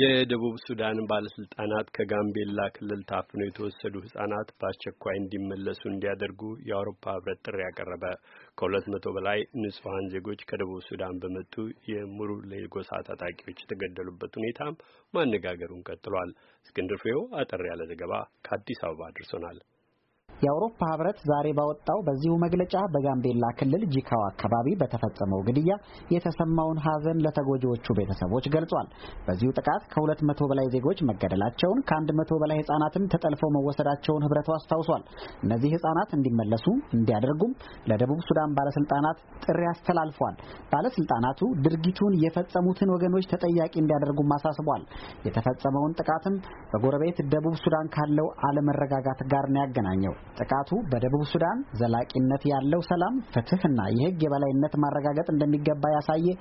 የደቡብ ሱዳን ባለስልጣናት ከጋምቤላ ክልል ታፍነው የተወሰዱ ህጻናት በአስቸኳይ እንዲመለሱ እንዲያደርጉ የአውሮፓ ህብረት ጥሪ ያቀረበ። ከሁለት መቶ በላይ ንጹሐን ዜጎች ከደቡብ ሱዳን በመጡ የሙሩ ጎሳ ታጣቂዎች የተገደሉበት ሁኔታም ማነጋገሩን ቀጥሏል። እስክንድር ፍሬው አጠር ያለ ዘገባ ከአዲስ አበባ አድርሶናል። የአውሮፓ ህብረት ዛሬ ባወጣው በዚሁ መግለጫ በጋምቤላ ክልል ጂካው አካባቢ በተፈጸመው ግድያ የተሰማውን ሐዘን ለተጎጂዎቹ ቤተሰቦች ገልጿል። በዚሁ ጥቃት ከሁለት መቶ በላይ ዜጎች መገደላቸውን ከአንድ መቶ በላይ ህጻናትም ተጠልፈው መወሰዳቸውን ህብረቱ አስታውሷል። እነዚህ ህጻናት እንዲመለሱ እንዲያደርጉም ለደቡብ ሱዳን ባለስልጣናት ጥሪ አስተላልፏል። ባለስልጣናቱ ድርጊቱን የፈጸሙትን ወገኖች ተጠያቂ እንዲያደርጉም አሳስቧል። የተፈጸመውን ጥቃትም በጎረቤት ደቡብ ሱዳን ካለው አለመረጋጋት ጋር ነው ያገናኘው። ጥቃቱ በደቡብ ሱዳን ዘላቂነት ያለው ሰላም፣ ፍትህና የህግ የበላይነት ማረጋገጥ እንደሚገባ ያሳየ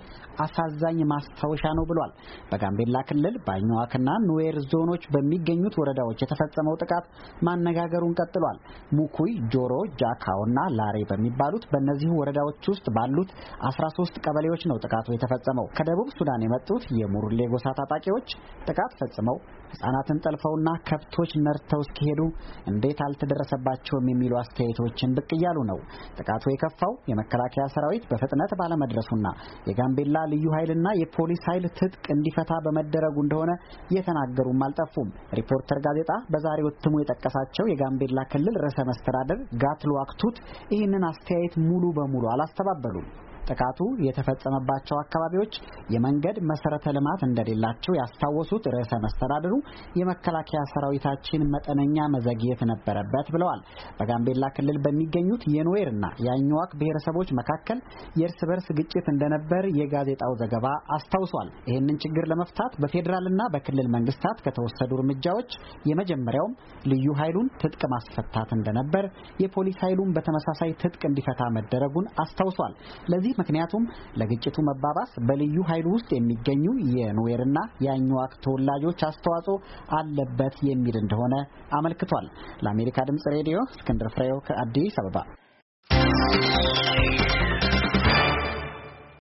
አሳዛኝ ማስታወሻ ነው ብሏል። በጋምቤላ ክልል ባኝዋክና ኑዌር ዞኖች በሚገኙት ወረዳዎች የተፈጸመው ጥቃት ማነጋገሩን ቀጥሏል። ሙኩይ፣ ጆሮ፣ ጃካውና ላሬ በሚባሉት በእነዚሁ ወረዳዎች ውስጥ ባሉት 13 ቀበሌዎች ነው ጥቃቱ የተፈጸመው። ከደቡብ ሱዳን የመጡት የሙርሌ ጎሳ ታጣቂዎች ጥቃት ፈጽመው ህጻናትን ጠልፈውና ከብቶች ነርተው እስኪሄዱ እንዴት አልተደረሰባቸው አልደረሳቸውም የሚሉ አስተያየቶችን ብቅ እያሉ ነው። ጥቃቱ የከፋው የመከላከያ ሰራዊት በፍጥነት ባለመድረሱና የጋምቤላ ልዩ ኃይልና የፖሊስ ኃይል ትጥቅ እንዲፈታ በመደረጉ እንደሆነ የተናገሩም አልጠፉም። ሪፖርተር ጋዜጣ በዛሬው እትሙ የጠቀሳቸው የጋምቤላ ክልል ርዕሰ መስተዳደር ጋትሉዋክ አክቱት ይህንን አስተያየት ሙሉ በሙሉ አላስተባበሉም። ጥቃቱ የተፈጸመባቸው አካባቢዎች የመንገድ መሰረተ ልማት እንደሌላቸው ያስታወሱት ርዕሰ መስተዳድሩ የመከላከያ ሰራዊታችን መጠነኛ መዘግየት ነበረበት ብለዋል። በጋምቤላ ክልል በሚገኙት የኑዌርና የአኝዋክ ብሔረሰቦች መካከል የእርስ በርስ ግጭት እንደነበር የጋዜጣው ዘገባ አስታውሷል። ይህንን ችግር ለመፍታት በፌዴራልና በክልል መንግስታት ከተወሰዱ እርምጃዎች የመጀመሪያውም ልዩ ኃይሉን ትጥቅ ማስፈታት እንደነበር፣ የፖሊስ ኃይሉን በተመሳሳይ ትጥቅ እንዲፈታ መደረጉን አስታውሷል። ለዚህ ምክንያቱም ለግጭቱ መባባስ በልዩ ኃይሉ ውስጥ የሚገኙ የኑዌርና የአኝዋክ ተወላጆች አስተዋጽኦ አለበት የሚል እንደሆነ አመልክቷል። ለአሜሪካ ድምጽ ሬዲዮ እስክንድር ፍሬው ከአዲስ አበባ